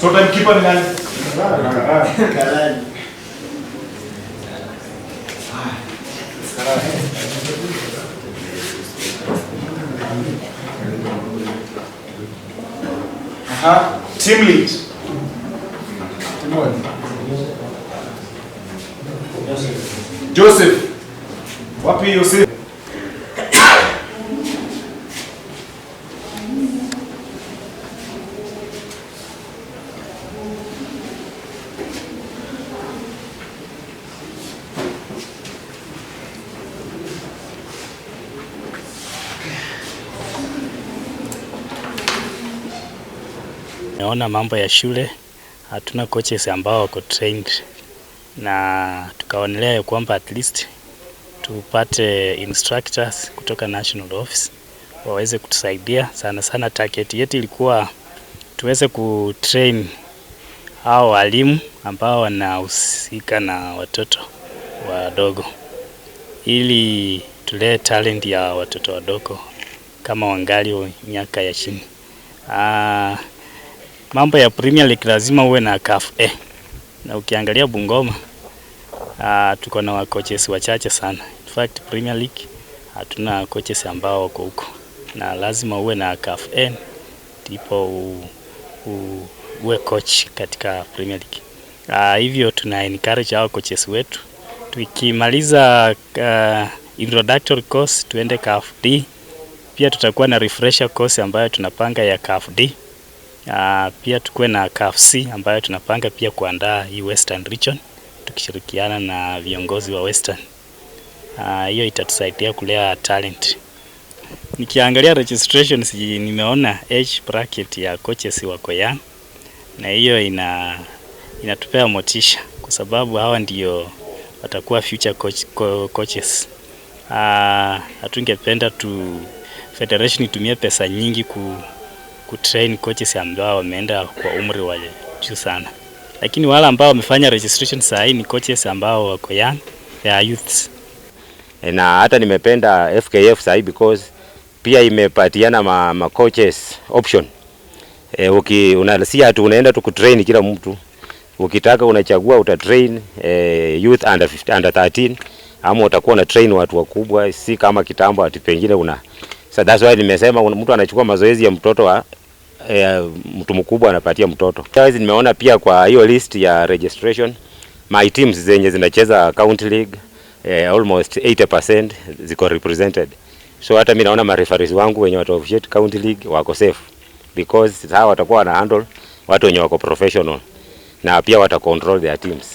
So timekeeper ni nani? Kalani. Aha, team lead. Joseph. Wapi Yosef? Nimeona mambo ya shule, hatuna coaches ambao wako trained, na tukaonelea ya kwamba at least tupate instructors kutoka national office waweze kutusaidia sana sana. Target yetu ilikuwa tuweze kutrain hao walimu ambao wanahusika na watoto wadogo ili tulee talent ya watoto wadogo kama wangali miaka ya chini. Ah, mambo ya Premier League lazima uwe na CAF eh. Na ukiangalia Bungoma uh, tuko na coaches wachache sana. In fact, Premier League hatuna coaches ambao wako huko, na lazima uwe na CAF eh, ndipo u, u, uwe coach katika Premier League. Uh, hivyo tuna encourage hao coaches wetu tukimaliza uh, introductory course tuende CAF D. Pia tutakuwa na refresher course ambayo tunapanga ya CAF D. Uh, pia tukuwe na KFC ambayo tunapanga pia kuandaa hii Western region tukishirikiana na viongozi wa Western. Ah, hiyo uh, itatusaidia kulea talent. Nikiangalia registration si nimeona age bracket ya coaches wako ya na hiyo ina inatupea motisha kwa sababu hawa ndio watakuwa future coach, co coaches. Uh, hatungependa tu federation itumie pesa nyingi ku kutrain coaches ambao wameenda kwa umri wa juu sana, lakini wale ambao wamefanya registration saa hii ni coaches ambao wako young ya youths. Eh, na hata nimependa FKF saa hii because pia imepatiana ma, ma coaches option e, uki unasia tu unaenda tu kutrain kila mtu ukitaka unachagua uta train e, youth under 15, under 13 ama utakuwa na train watu wakubwa, si kama kitambo ati pengine una So that's why nimesema mtu anachukua mazoezi ya mtoto wa eh, mtu mkubwa anapatia mtoto. Nimeona pia kwa hiyo list ya registration my teams zenye zinacheza county league eh, almost 80% ziko represented, so hata mimi naona marefarisi wangu wenye watu officiate county league wako safe because hawa watakuwa na handle watu wenye wako professional na pia wata their teams.